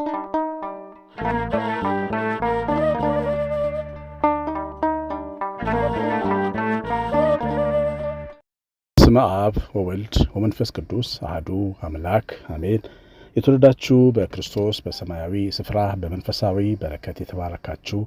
በስመ አብ ወወልድ ወመንፈስ ቅዱስ አህዱ አምላክ አሜን። የተወደዳችሁ በክርስቶስ በሰማያዊ ስፍራ በመንፈሳዊ በረከት የተባረካችሁ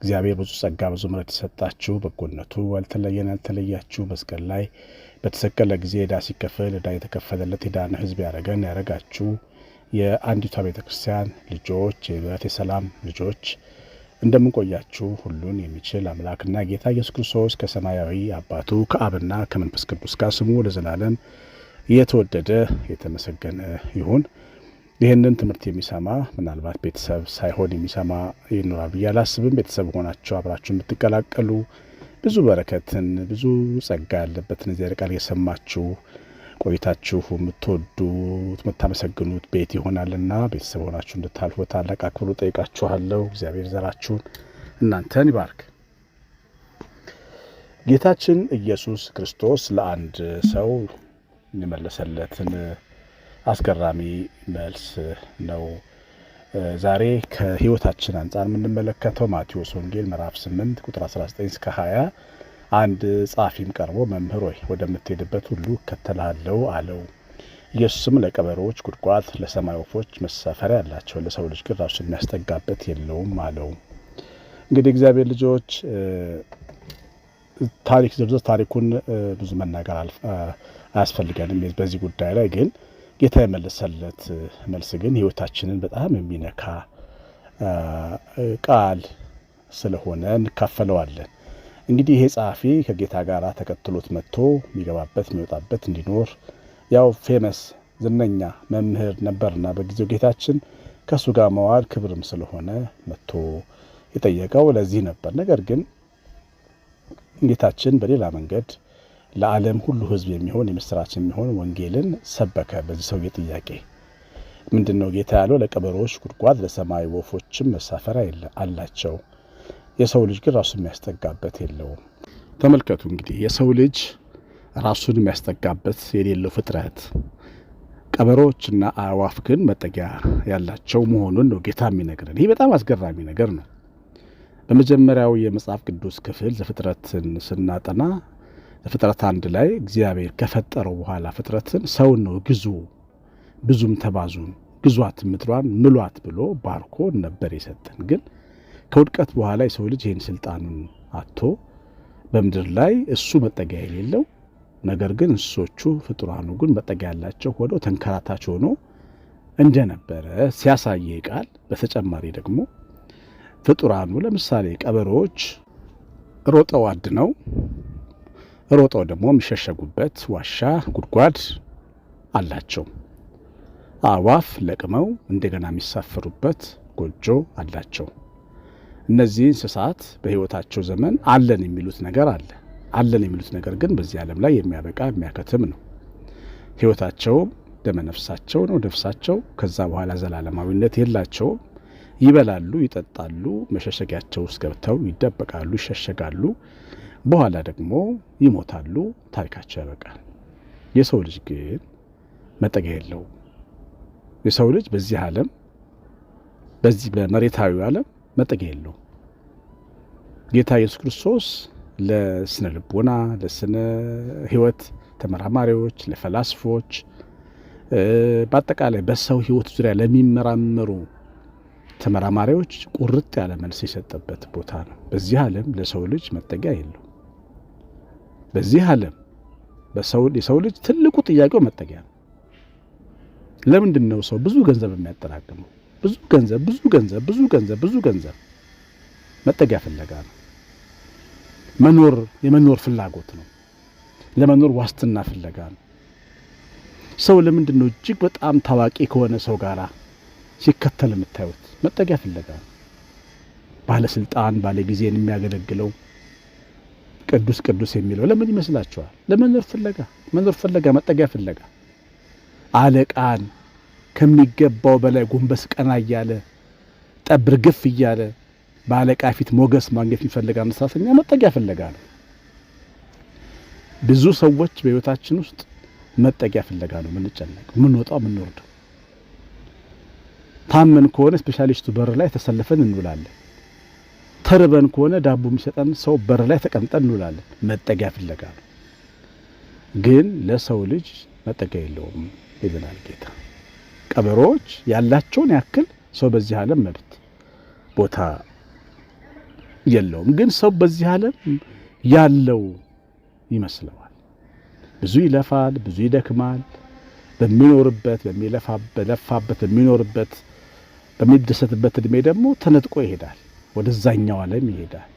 እግዚአብሔር ብዙ ጸጋ ብዙ ምሕረት የሰጣችሁ በጎነቱ አልተለየን ያልተለያችሁ መስቀል ላይ በተሰቀለ ጊዜ ዕዳ ሲከፍል ዕዳ የተከፈለለት የዳነ ሕዝብ ያደረገን ያደረጋችሁ የአንዲቷ ቤተ ክርስቲያን ልጆች የህብረት የሰላም ልጆች እንደምንቆያችሁ ሁሉን የሚችል አምላክና ጌታ ኢየሱስ ክርስቶስ ከሰማያዊ አባቱ ከአብና ከመንፈስ ቅዱስ ጋር ስሙ ለዘላለም እየተወደደ የተመሰገነ ይሁን። ይህንን ትምህርት የሚሰማ ምናልባት ቤተሰብ ሳይሆን የሚሰማ ይኖራል ብዬ አላስብም። ቤተሰብ ሆናችሁ አብራችሁ የምትቀላቀሉ ብዙ በረከትን ብዙ ጸጋ ያለበትን ዚር ቃል የሰማችሁ ቆይታችሁ የምትወዱት የምታመሰግኑት ቤት ይሆናልና ቤተሰብ ሆናችሁ እንድታልፉ ታላቅ አክብሮ ጠይቃችኋለሁ። እግዚአብሔር ዘራችሁን እናንተን ይባርክ። ጌታችን ኢየሱስ ክርስቶስ ለአንድ ሰው የመለሰለትን አስገራሚ መልስ ነው ዛሬ ከህይወታችን አንጻር የምንመለከተው ማቴዎስ ወንጌል ምዕራፍ 8 ቁጥር 19 እስከ 20 አንድ ጻፊም ቀርቦ መምህር ሆይ ወደምትሄድበት ሁሉ እከተልሃለሁ አለው። ኢየሱስም ለቀበሮዎች ጉድጓድ፣ ለሰማይ ወፎች መሳፈሪያ አላቸው፣ ለሰው ልጅ ግን ራሱ የሚያስጠጋበት የለውም አለው። እንግዲህ እግዚአብሔር ልጆች ታሪክ ዝርዝር ታሪኩን ብዙ መናገር አያስፈልገንም። በዚህ ጉዳይ ላይ ግን ጌታ የመለሰለት መልስ ግን ህይወታችንን በጣም የሚነካ ቃል ስለሆነ እንካፈለዋለን። እንግዲህ ይሄ ጸሐፊ ከጌታ ጋር ተከትሎት መጥቶ የሚገባበት የሚወጣበት እንዲኖር ያው ፌመስ ዝነኛ መምህር ነበርና በጊዜው ጌታችን ከእሱ ጋር መዋል ክብርም ስለሆነ መጥቶ የጠየቀው ለዚህ ነበር። ነገር ግን ጌታችን በሌላ መንገድ ለዓለም ሁሉ ሕዝብ የሚሆን የምስራች የሚሆን ወንጌልን ሰበከ። በዚህ ሰውዬ ጥያቄ ምንድን ነው ጌታ ያለው? ለቀበሮዎች ጉድጓድ፣ ለሰማይ ወፎችም መሳፈሪያ አላቸው የሰው ልጅ ግን ራሱን የሚያስጠጋበት የለውም። ተመልከቱ እንግዲህ የሰው ልጅ ራሱን የሚያስጠጋበት የሌለው ፍጥረት፣ ቀበሮዎችና አእዋፍ ግን መጠጊያ ያላቸው መሆኑን ነው ጌታ የሚነግረን። ይህ በጣም አስገራሚ ነገር ነው። በመጀመሪያው የመጽሐፍ ቅዱስ ክፍል ዘፍጥረትን ስናጠና ፍጥረት አንድ ላይ እግዚአብሔር ከፈጠረው በኋላ ፍጥረትን ሰውን ነው ግዙ ብዙም ተባዙን ግዟት ምድሯን ምሏት ብሎ ባርኮ ነበር የሰጠን ግን ከውድቀት በኋላ የሰው ልጅ ይህን ስልጣኑን አጥቶ በምድር ላይ እሱ መጠጊያ የሌለው ነገር ግን እንስሶቹ ፍጡራኑ ግን መጠጊያ ያላቸው ሆነው ተንከራታች ሆኖ እንደነበረ ሲያሳየ ቃል። በተጨማሪ ደግሞ ፍጡራኑ ለምሳሌ ቀበሮዎች ሮጠው አድነው ሮጠው ደግሞ የሚሸሸጉበት ዋሻ ጉድጓድ አላቸው። አዋፍ ለቅመው እንደገና የሚሳፈሩበት ጎጆ አላቸው። እነዚህ እንስሳት በህይወታቸው ዘመን አለን የሚሉት ነገር አለ። አለን የሚሉት ነገር ግን በዚህ ዓለም ላይ የሚያበቃ የሚያከትም ነው። ህይወታቸው ደመነፍሳቸው ነው ነፍሳቸው። ከዛ በኋላ ዘላለማዊነት የላቸውም። ይበላሉ፣ ይጠጣሉ፣ መሸሸጊያቸው ውስጥ ገብተው ይደበቃሉ፣ ይሸሸጋሉ። በኋላ ደግሞ ይሞታሉ፣ ታሪካቸው ያበቃል። የሰው ልጅ ግን መጠጊያ የለውም። የሰው ልጅ በዚህ ዓለም በዚህ በመሬታዊ ዓለም መጠጊያ የለውም። ጌታ ኢየሱስ ክርስቶስ ለስነ ልቦና፣ ለስነ ህይወት ተመራማሪዎች፣ ለፈላስፎች፣ በአጠቃላይ በሰው ህይወት ዙሪያ ለሚመራመሩ ተመራማሪዎች ቁርጥ ያለ መልስ የሰጠበት ቦታ ነው። በዚህ ዓለም ለሰው ልጅ መጠጊያ የለው። በዚህ ዓለም የሰው ልጅ ትልቁ ጥያቄው መጠጊያ ነው። ለምንድን ነው ሰው ብዙ ገንዘብ የሚያጠራቅመው? ብዙ ገንዘብ ብዙ ገንዘብ ብዙ ገንዘብ ብዙ ገንዘብ መጠጊያ ፍለጋ ነው። መኖር የመኖር ፍላጎት ነው። ለመኖር ዋስትና ፍለጋ ነው። ሰው ለምንድን ነው እጅግ በጣም ታዋቂ ከሆነ ሰው ጋር ሲከተል የምታዩት? መጠጊያ ፍለጋ ነው። ባለስልጣን ባለጊዜን የሚያገለግለው ቅዱስ ቅዱስ የሚለው ለምን ይመስላችኋል? ለመኖር ፍለጋ መኖር ፍለጋ መጠጊያ ፍለጋ አለቃን ከሚገባው በላይ ጎንበስ ቀና እያለ ጠብ ርግፍ እያለ በአለቃ ፊት ሞገስ ማግኘት የሚፈልግ አንድ ሰራተኛ መጠጊያ ፍለጋ ነው። ብዙ ሰዎች በህይወታችን ውስጥ መጠጊያ ፍለጋ ነው የምንጨነቅ፣ የምንወጣው፣ የምንወርደው። ታመን ከሆነ ስፔሻሊስቱ በር ላይ ተሰልፈን እንውላለን። ተርበን ከሆነ ዳቦ የሚሰጠን ሰው በር ላይ ተቀምጠን እንውላለን። መጠጊያ ፍለጋ ነው። ግን ለሰው ልጅ መጠጊያ የለውም ይለናል ጌታ። ቀበሮዎች ያላቸውን ያክል ሰው በዚህ ዓለም መብት ቦታ የለውም። ግን ሰው በዚህ ዓለም ያለው ይመስለዋል። ብዙ ይለፋል፣ ብዙ ይደክማል። በሚኖርበት በሚለፋበት በሚኖርበት በሚደሰትበት እድሜ ደግሞ ተነጥቆ ይሄዳል፣ ወደዛኛው ዓለም ይሄዳል።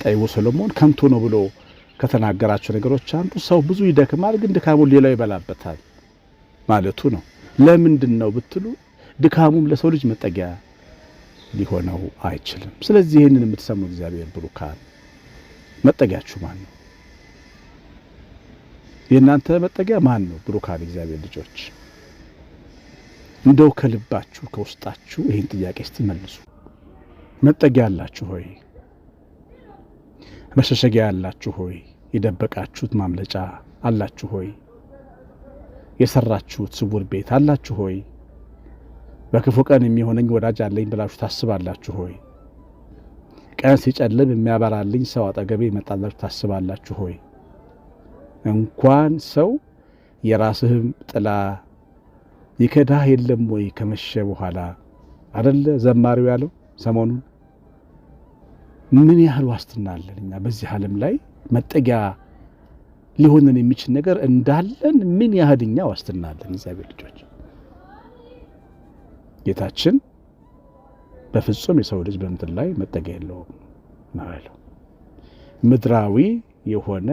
ጠቢቡ ሰሎሞን ከንቱ ነው ብሎ ከተናገራቸው ነገሮች አንዱ ሰው ብዙ ይደክማል፣ ግን ድካሙን ሌላው ይበላበታል ማለቱ ነው። ለምንድን ነው ብትሉ ድካሙም ለሰው ልጅ መጠጊያ ሊሆነው አይችልም። ስለዚህ ይህንን የምትሰሙ እግዚአብሔር ብሩካን መጠጊያችሁ ማን ነው? የእናንተ መጠጊያ ማን ነው? ብሩካን እግዚአብሔር ልጆች እንደው ከልባችሁ ከውስጣችሁ ይህን ጥያቄ ስትመልሱ መጠጊያ አላችሁ ሆይ መሸሸጊያ አላችሁ ሆይ የደበቃችሁት ማምለጫ አላችሁ ሆይ የሰራችሁት ስውር ቤት አላችሁ ሆይ? በክፉ ቀን የሚሆነኝ ወዳጅ አለኝ ብላችሁ ታስባላችሁ ሆይ? ቀን ሲጨልም የሚያበራልኝ ሰው አጠገቤ ይመጣላችሁ ታስባላችሁ ሆይ? እንኳን ሰው የራስህም ጥላ ይከዳህ የለም ወይ? ከመሸ በኋላ አደለ ዘማሪው ያለው ሰሞኑን ምን ያህል ዋስትና አለን እኛ በዚህ ዓለም ላይ መጠጊያ ሊሆንን የሚችል ነገር እንዳለን ምን ያህል እኛ ዋስትና አለን? እግዚአብሔር ልጆች ጌታችን በፍጹም የሰው ልጅ በምድር ላይ መጠጊያ የለውም ነው ያለው። ምድራዊ የሆነ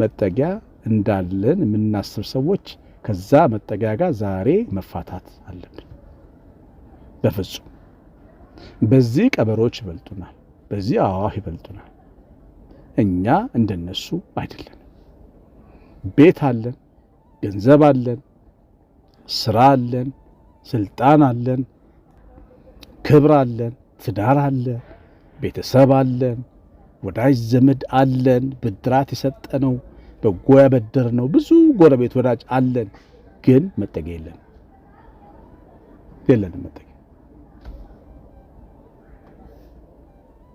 መጠጊያ እንዳለን የምናስብ ሰዎች ከዛ መጠጊያ ጋር ዛሬ መፋታት አለብን። በፍጹም በዚህ ቀበሮች ይበልጡናል፣ በዚህ አዋፍ ይበልጡናል። እኛ እንደነሱ አይደለም። ቤት አለን፣ ገንዘብ አለን፣ ስራ አለን፣ ስልጣን አለን፣ ክብር አለን፣ ትዳር አለን፣ ቤተሰብ አለን፣ ወዳጅ ዘመድ አለን፣ ብድራት የሰጠነው በጎ ያበደርነው ብዙ ጎረቤት ወዳጅ አለን። ግን መጠጊያ የለን የለንም መጠጊያ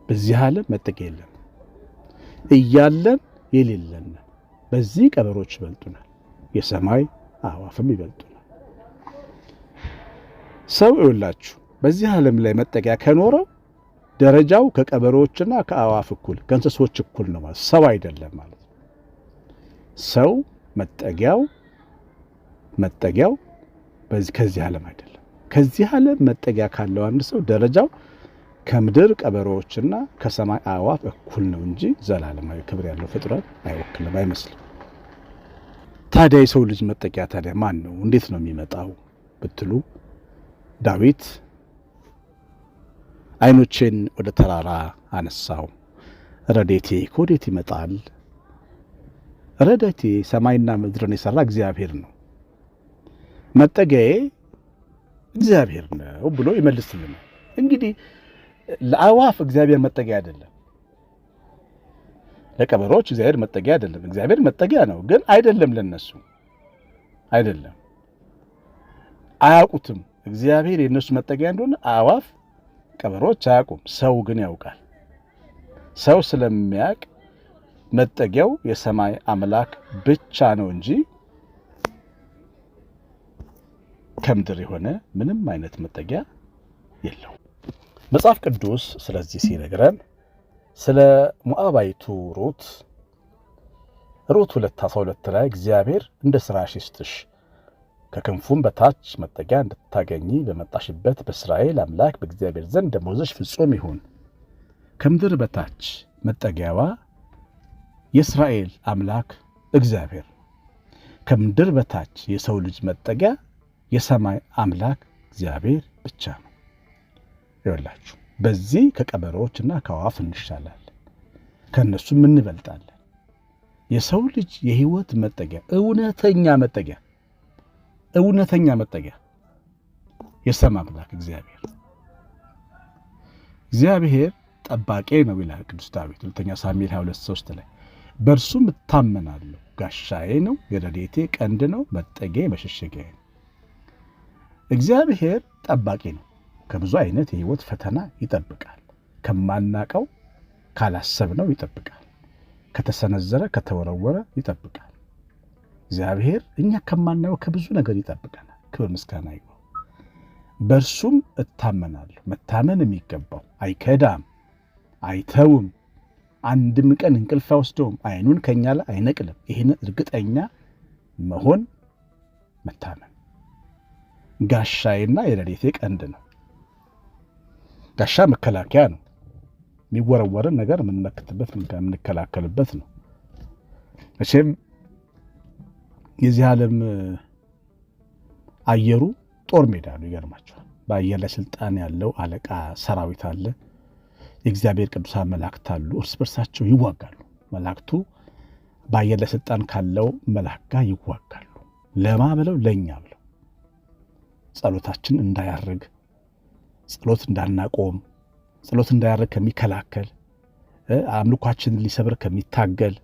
በዚህ ዓለም መጠጊያ የለን እያለን የሌለን በዚህ ቀበሮች ይበልጡናል፣ የሰማይ አዕዋፍም ይበልጡናል። ሰው ይውላችሁ በዚህ ዓለም ላይ መጠጊያ ከኖረው ደረጃው ከቀበሮዎችና ከአዕዋፍ እኩል ከእንስሶች እኩል ነው ማለት ሰው አይደለም ማለት ነው። ሰው መጠጊያው መጠጊያው ከዚህ ዓለም አይደለም። ከዚህ ዓለም መጠጊያ ካለው አንድ ሰው ደረጃው ከምድር ቀበሮዎችና ከሰማይ አእዋፍ እኩል ነው እንጂ ዘላለማዊ ክብር ያለው ፍጥረት አይወክልም፣ አይመስልም። ታዲያ የሰው ልጅ መጠቂያ ታዲያ ማን ነው? እንዴት ነው የሚመጣው ብትሉ ዳዊት ዓይኖቼን ወደ ተራራ አነሳው፣ ረዴቴ ከወዴት ይመጣል? ረዴቴ ሰማይና ምድርን የሰራ እግዚአብሔር ነው፣ መጠጊያዬ እግዚአብሔር ነው ብሎ ይመልስልናል። እንግዲህ ለአእዋፍ እግዚአብሔር መጠጊያ አይደለም። ለቀበሮች እግዚአብሔር መጠጊያ አይደለም። እግዚአብሔር መጠጊያ ነው፣ ግን አይደለም ለነሱ አይደለም። አያውቁትም። እግዚአብሔር የነሱ መጠጊያ እንደሆነ አእዋፍ፣ ቀበሮች አያውቁም። ሰው ግን ያውቃል። ሰው ስለሚያውቅ መጠጊያው የሰማይ አምላክ ብቻ ነው እንጂ ከምድር የሆነ ምንም አይነት መጠጊያ የለውም። መጽሐፍ ቅዱስ ስለዚህ ሲነግረን ስለ ሞዓባይቱ ሩት ሩት 2 12 ላይ እግዚአብሔር እንደ ስራሽ ይስጥሽ ከክንፉም በታች መጠጊያ እንድታገኝ በመጣሽበት በእስራኤል አምላክ በእግዚአብሔር ዘንድ ደመወዝሽ ፍጹም ይሁን። ከምድር በታች መጠጊያዋ የእስራኤል አምላክ እግዚአብሔር፣ ከምድር በታች የሰው ልጅ መጠጊያ የሰማይ አምላክ እግዚአብሔር ብቻ ነው። ይወላችሁ በዚህ ከቀበሮዎችና ከአዋፍ እንሻላለን፣ ከእነሱም እንበልጣለን። የሰው ልጅ የህይወት መጠጊያ እውነተኛ መጠጊያ እውነተኛ መጠጊያ የሰማ አምላክ እግዚአብሔር እግዚአብሔር ጠባቄ ነው ይላል ቅዱስ ዳዊት ሁለተኛ ሳሙኤል 22 3 ላይ በእርሱም እታመናለሁ፣ ጋሻዬ ነው፣ የረዴቴ ቀንድ ነው፣ መጠጊያ መሸሸጊያ ነው። እግዚአብሔር ጠባቂ ነው። ከብዙ አይነት የህይወት ፈተና ይጠብቃል። ከማናቀው ካላሰብነው ይጠብቃል። ከተሰነዘረ ከተወረወረ ይጠብቃል። እግዚአብሔር እኛ ከማናየው ከብዙ ነገር ይጠብቀናል። ክብር ምስጋና ይግባው። በእርሱም እታመናለሁ። መታመን የሚገባው አይከዳም፣ አይተውም፣ አንድም ቀን እንቅልፍ አይወስደውም፣ አይኑን ከኛ ላይ አይነቅልም። ይህን እርግጠኛ መሆን መታመን ጋሻዬና የሌሊቴ ቀንድ ነው። ጋሻ መከላከያ ነው። የሚወረወርን ነገር የምንመክትበት የምንከላከልበት ነው። መቼም የዚህ ዓለም አየሩ ጦር ሜዳ ነው። ይገርማቸዋል። በአየር ላይ ስልጣን ያለው አለቃ ሰራዊት አለ። የእግዚአብሔር ቅዱሳን መላእክት አሉ። እርስ በርሳቸው ይዋጋሉ። መላእክቱ በአየር ላይ ስልጣን ካለው መልአክ ጋር ይዋጋሉ። ለማ ብለው ለእኛ ብለው ጸሎታችን እንዳያርግ ጸሎት እንዳናቆም ጸሎት እንዳያደርግ ከሚከላከል አምልኳችንን ሊሰብር ከሚታገል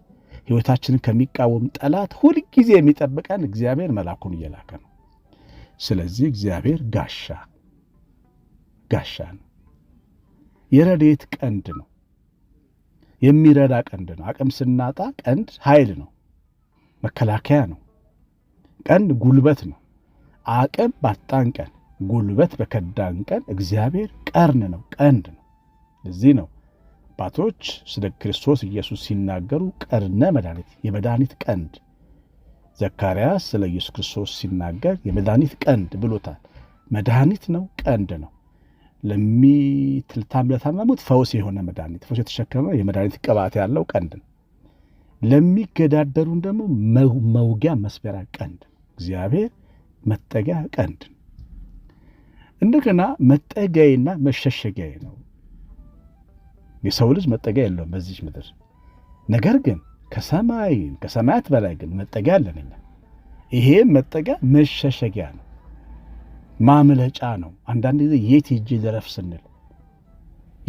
ህይወታችንን ከሚቃወም ጠላት ሁልጊዜ የሚጠብቀን እግዚአብሔር መልአኩን እየላከ ነው። ስለዚህ እግዚአብሔር ጋሻ ጋሻ ነው። የረድኤት ቀንድ ነው። የሚረዳ ቀንድ ነው። አቅም ስናጣ ቀንድ ኃይል ነው፣ መከላከያ ነው። ቀንድ ጉልበት ነው። አቅም ባጣን ቀን ጉልበት በከዳን ቀን እግዚአብሔር ቀርን ነው፣ ቀንድ ነው። እዚህ ነው አባቶች ስለ ክርስቶስ ኢየሱስ ሲናገሩ ቀርነ መድኃኒት፣ የመድኃኒት ቀንድ። ዘካርያስ ስለ ኢየሱስ ክርስቶስ ሲናገር የመድኃኒት ቀንድ ብሎታል። መድኃኒት ነው፣ ቀንድ ነው። ለሚትልታም ለታመሙት ፈውስ የሆነ መድኃኒት፣ ፈውስ የተሸከመ የመድኃኒት ቅባት ያለው ቀንድ ነው። ለሚገዳደሩን ደግሞ መውጊያ መስበሪያ ቀንድ፣ እግዚአብሔር መጠጊያ ቀንድ እንደገና መጠጊያዬና መሸሸጊያዬ ነው። የሰው ልጅ መጠጊያ የለውም በዚች ምድር። ነገር ግን ከሰማይ ከሰማያት በላይ ግን መጠጊያ አለን እኛ። ይሄም መጠጊያ መሸሸጊያ ነው፣ ማምለጫ ነው። አንዳንድ ጊዜ የት ሂጄ ልረፍ ስንል፣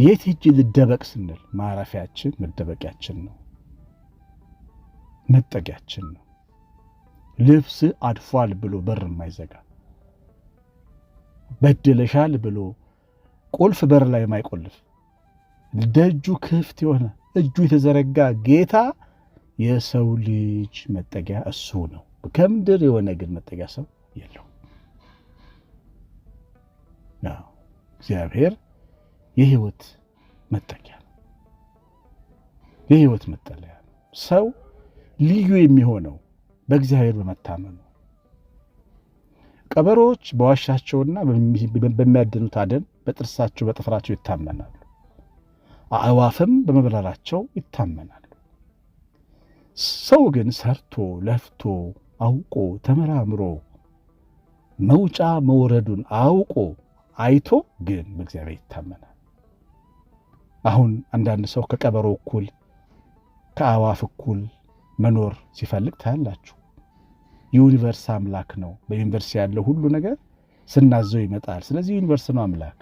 የት ሂጄ ልደበቅ ስንል ማረፊያችን መደበቂያችን ነው፣ መጠጊያችን ነው። ልብስ አድፏል ብሎ በር የማይዘጋ በድለሻል ብሎ ቁልፍ በር ላይ የማይቆልፍ ደጁ ክፍት የሆነ እጁ የተዘረጋ ጌታ የሰው ልጅ መጠጊያ እሱ ነው። ከምድር የሆነ ግን መጠጊያ ሰው የለው። እግዚአብሔር የህይወት መጠጊያ ነው፣ የህይወት መጠለያ ነው። ሰው ልዩ የሚሆነው በእግዚአብሔር በመታመኑ ቀበሮዎች በዋሻቸውና በሚያድኑት አደን በጥርሳቸው በጥፍራቸው ይታመናሉ። አእዋፍም በመብረራቸው ይታመናሉ። ሰው ግን ሰርቶ ለፍቶ አውቆ ተመራምሮ መውጫ መውረዱን አውቆ አይቶ ግን በእግዚአብሔር ይታመናል። አሁን አንዳንድ ሰው ከቀበሮ እኩል ከአእዋፍ እኩል መኖር ሲፈልግ ታያላችሁ። ዩኒቨርስ አምላክ ነው። በዩኒቨርስ ያለው ሁሉ ነገር ስናዘው ይመጣል። ስለዚህ ዩኒቨርስ ነው አምላክ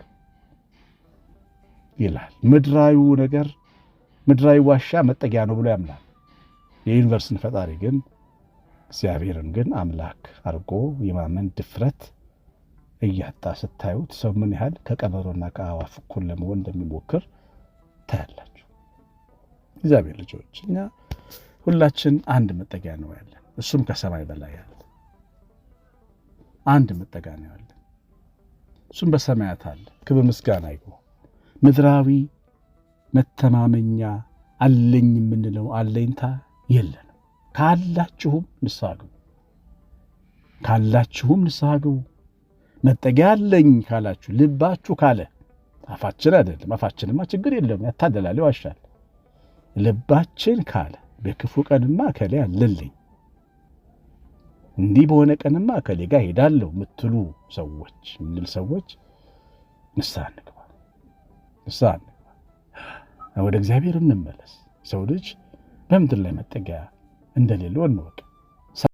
ይላል። ምድራዊ ነገር ምድራዊ ዋሻ መጠጊያ ነው ብሎ ያምናል። የዩኒቨርስን ፈጣሪ ግን እግዚአብሔርን ግን አምላክ አድርጎ የማመን ድፍረት እያጣ ስታዩት ሰው ምን ያህል ከቀበሮና ከአዋፍ እኩል ለመሆን እንደሚሞክር ታያላችሁ። እግዚአብሔር ልጆች፣ እኛ ሁላችን አንድ መጠጊያ ነው ያለን። እሱም ከሰማይ በላይ ያለ አንድ መጠጋና ያለ እሱም በሰማያት አለ። ክብር ምስጋና ይሁን። ምድራዊ መተማመኛ አለኝ የምንለው አለኝታ የለንም። ካላችሁም ንስሐ ግቡ፣ ካላችሁም ንስሐ ግቡ። መጠጊያ አለኝ ካላችሁ ልባችሁ ካለ አፋችን አይደለም። አፋችንማ ችግር የለም ያታደላል፣ ይዋሻል። ልባችን ካለ በክፉ ቀንማ ከላይ አለልኝ እንዲህ በሆነ ቀንማ ከሌ ጋር ሄዳለሁ ምትሉ ሰዎች ምንል ሰዎች ንስሐ እንግባ፣ ንስሐ እንግባ፣ ወደ እግዚአብሔር እንመለስ። ሰው ልጅ በምድር ላይ መጠጊያ እንደሌለው እንወቅ።